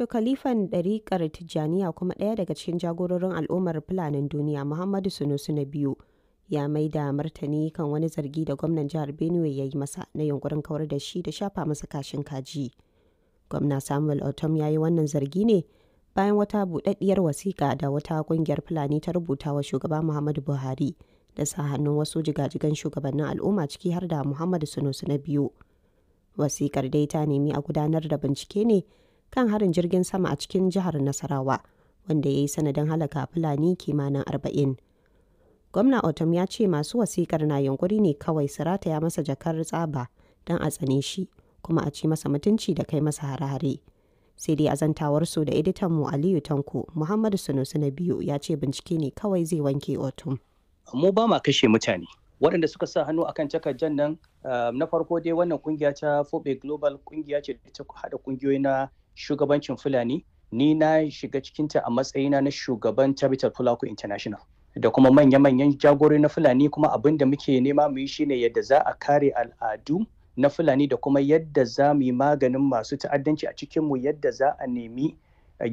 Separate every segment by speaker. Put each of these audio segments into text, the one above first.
Speaker 1: To kalifan ɗariƙar Tijjaniya kuma ɗaya daga cikin jagororin al'ummar Fulanin duniya Muhammadu Sunusi na biyu ya mai da martani kan wani zargi da gwamnan jihar Benue ya yi masa na yunkurin kawar da shi da shafa masa kashin kaji. Gwamna Samuel Otom ya yi wannan zargi ne bayan wata buɗaɗɗiyar wasiƙa da wata ƙungiyar Fulani ta rubuta wa shugaba Muhammadu Buhari da sa hannun wasu jigajigan shugabannin al'umma ciki har da Muhammadu Sunusi na biyu. Wasiƙar dai ta nemi a gudanar da bincike ne kan harin jirgin sama a cikin jihar Nasarawa wanda ya yi sanadin halaka Fulani kimanin arba'in. Gwamna Otom ya ce masu wasikar na yunkuri ne kawai su rataya masa jakar tsaba don a tsane shi kuma a ci masa mutunci da kai masa hare-hare. Sai dai azantawarsu da editanmu Aliyu Tanko Muhammadu Sunusu na biyu ya ce bincike ne kawai zai wanke Otom. Mu ba
Speaker 2: ma kashe mutane. waɗanda suka sa hannu akan takardar nan um, na farko dai wannan kungiya ta fobe global kungiya ce da ta haɗa kungiyoyi na shugabancin Fulani ni na shiga cikinta a matsayina na shugaban Capital Fulako International. da kuma manya-manyan jagori na Fulani kuma abin da muke nema mu yi shine yadda za a kare al'adu na Fulani da kuma yadda za mu yi maganin masu ta'addanci a cikinmu yadda za a nemi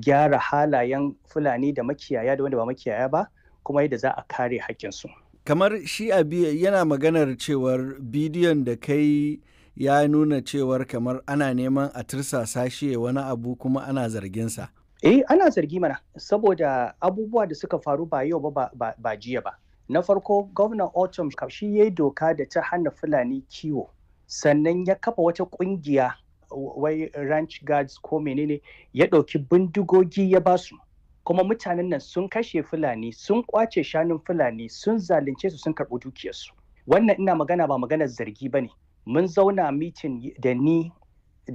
Speaker 2: gyara halayen Fulani da makiyaya da wanda ba makiyaya ba kuma yadda za a kare haƙƙinsu.
Speaker 3: Kamar shi abi yana maganar cewar bidiyon da kai ya nuna cewar kamar ana neman a tursasa shi wani abu kuma ana zarginsa.
Speaker 2: Eh ana zargi mana saboda abubuwa da suka faru ba yau ba ba jiya ba. Na farko gwamnan Autumn shi ya yi doka da ta hana Fulani kiwo sannan ya kafa wata ƙungiya wai ranch guards ko menene ya ɗauki bindigogi ya basu. kuma mutanen nan sun kashe fulani sun kwace shanun fulani sun zalunce su sun karɓi dukiyarsu wannan ina magana ba maganar zargi ba ne mun zauna mitin da ni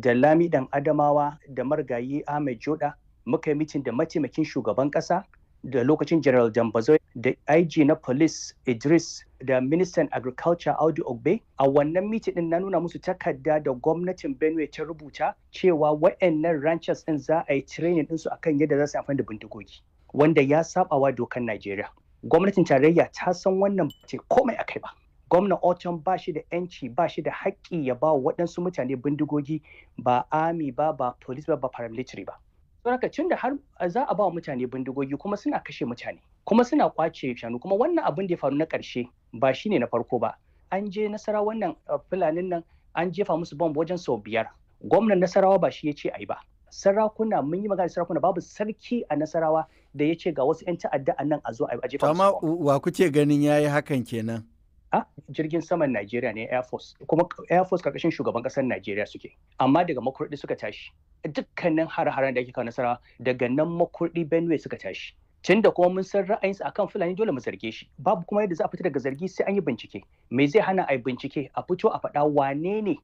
Speaker 2: da lami dan adamawa da margayi ahmed joda muka yi mitin da mataimakin shugaban kasa da lokacin general dambazo da ig na police idris da ministan agriculture audu ogbe a wannan mitin din na nuna musu takarda da gwamnatin benue ta rubuta cewa wa'annan ranchers din za a yi training su akan yadda za su amfani da bindigogi wanda ya sabawa dokar najeriya gwamnatin tarayya ta san wannan ce komai akai ba gwamna Otun, ba shi da yanci ba shi da haƙƙi ya ba waɗansu mutane bindigogi ba ami ba ba police ba ba paramilitary ba don haka tun da har za a ba mutane bindigogi kuma suna kashe mutane kuma suna kwace shanu kuma wannan abin da ya faru na ƙarshe ba shi ne na farko ba an je nasara wannan uh, fulanin nan an jefa musu bomb wajen sau biyar gwamnan nasarawa ba shi ya ce ayi ba sarakuna mun yi magana sarakuna babu sarki a nasarawa da ya ce ga wasu 'yan ta'adda a nan a zo a jefa musu wa kuke ganin yayi hakan kenan a jirgin saman Najeriya ne Air Force kuma Air Force karkashin shugaban kasar Najeriya suke amma daga makurdi suka tashi dukkanin har-haren da ake kawo nasara daga nan makurdi Benue suka tashi tun da kuma mun san ra'ayinsa akan fulani dole mu zarge shi babu kuma yadda za a fita daga zargi sai an yi bincike me zai hana a yi bincike a fito a faɗa wane ne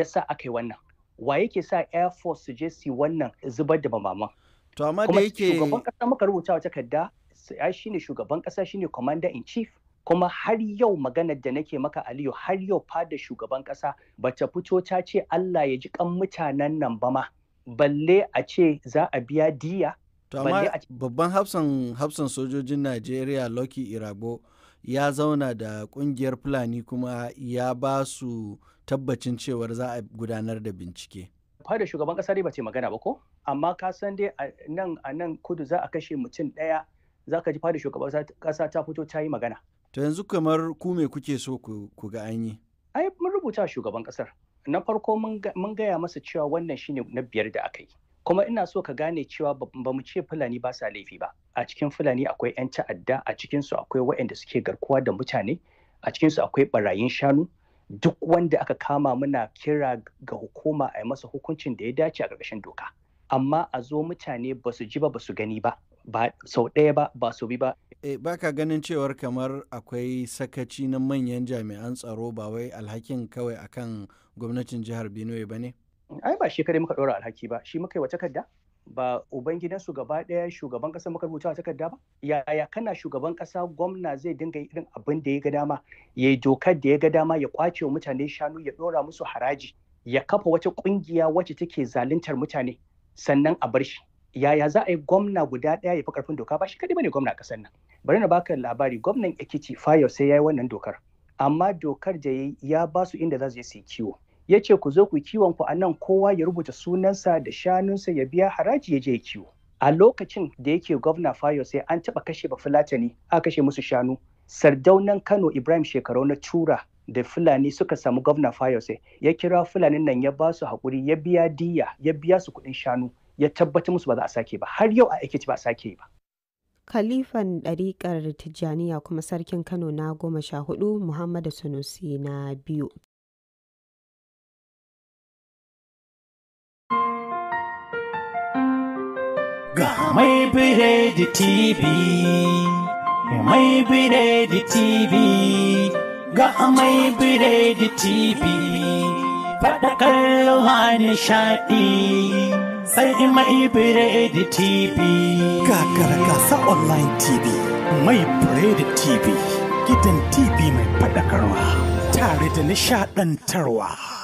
Speaker 2: ya sa aka yi wannan wa yake sa air force su je su wannan zubar da bamaman to amma da yake shugaban kasa muka rubuta wa takarda shi ne shugaban kasa shine commander in chief kuma har yau maganar da nake maka aliyu har yau fada shugaban kasa ba ta fito ta ce allah ya ji kan mutanen nan ba ma balle a ce za a biya diya babban hafsan hafsan sojojin najeriya
Speaker 3: loki irabo ya zauna da kungiyar fulani kuma ya ba su tabbacin cewar za a gudanar da bincike
Speaker 2: fada shugaban kasa dai ba ce magana ba ko amma ka san dai a nan a nan kudu za a kashe mutum daya za ka ji fada shugaban kasa ta fito ta yi magana To yanzu kamar ku me kuke so ku ga an yi? Ai mun rubuta shugaban kasar. Na farko mun gaya masa cewa wannan shine na biyar da aka yi. Kuma ina so ka gane cewa ba mu ce Fulani ba sa laifi ba. A cikin Fulani akwai 'yan ta'adda, a cikin su akwai waɗanda suke garkuwa da mutane, a cikin su akwai barayin shanu, duk wanda aka kama muna kira ga hukuma a yi masa hukuncin da ya dace a ƙarƙashin doka amma a zo mutane ba su ji ba ba su gani ba ba sau ɗaya ba ba su bi ba E,
Speaker 3: ka ganin cewar kamar akwai sakaci na manyan jami'an tsaro ba wai alhakin
Speaker 2: kawai akan gwamnatin jihar Benue ba ne? Ai ba shi muka ɗora alhaki ba, shi muka yi wa takarda? ba ubangidansu gaba ɗaya shugaban ƙasa muka rubuta wa takarda ba yaya kana shugaban ƙasa gwamna zai dinga irin abin da ya ga dama ya yi dokar da ya ga dama ya kwace wa mutane shanu ya ɗora musu haraji ya kafa wata ƙungiya wacce take zaluntar mutane sannan a bar shi yaya za a yi gwamna guda ɗaya ya fi karfin doka ba shi kaɗai bane gwamna a ƙasar nan bari na baka labari gwamnan ekiti fayo sai ya yi wannan dokar amma dokar da ya ba su inda za su je yi kiwo ya ce ku zo ku kiwon ku a nan kowa ya rubuta sunansa da shanunsa ya biya haraji ya je ya kiwo a lokacin da yake gwamna fayo sai an taɓa kashe ba fulatani a kashe musu shanu sardaunan kano ibrahim shekaru na tura da fulani suka samu gwamna fayo sai ya kira fulanin nan ya ba su haƙuri ya biya diya ya biya su kuɗin shanu ya tabbatar musu ba za a sake ba har yau a aikace ba a sake ba
Speaker 1: Khalifan ɗariƙar Tijjaniya kuma sarkin Kano na goma sha hudu Muhammadu Sunusi na biyu.
Speaker 2: Ga mai biredi TV, mai biredi TV, ga mai biredi TV, faɗakar ruwa nishaɗi. sai mai da TV. Kakara gasa online TV, mai biredi TV, gidan TV mai faɗakarwa, tare da nishaɗantarwa.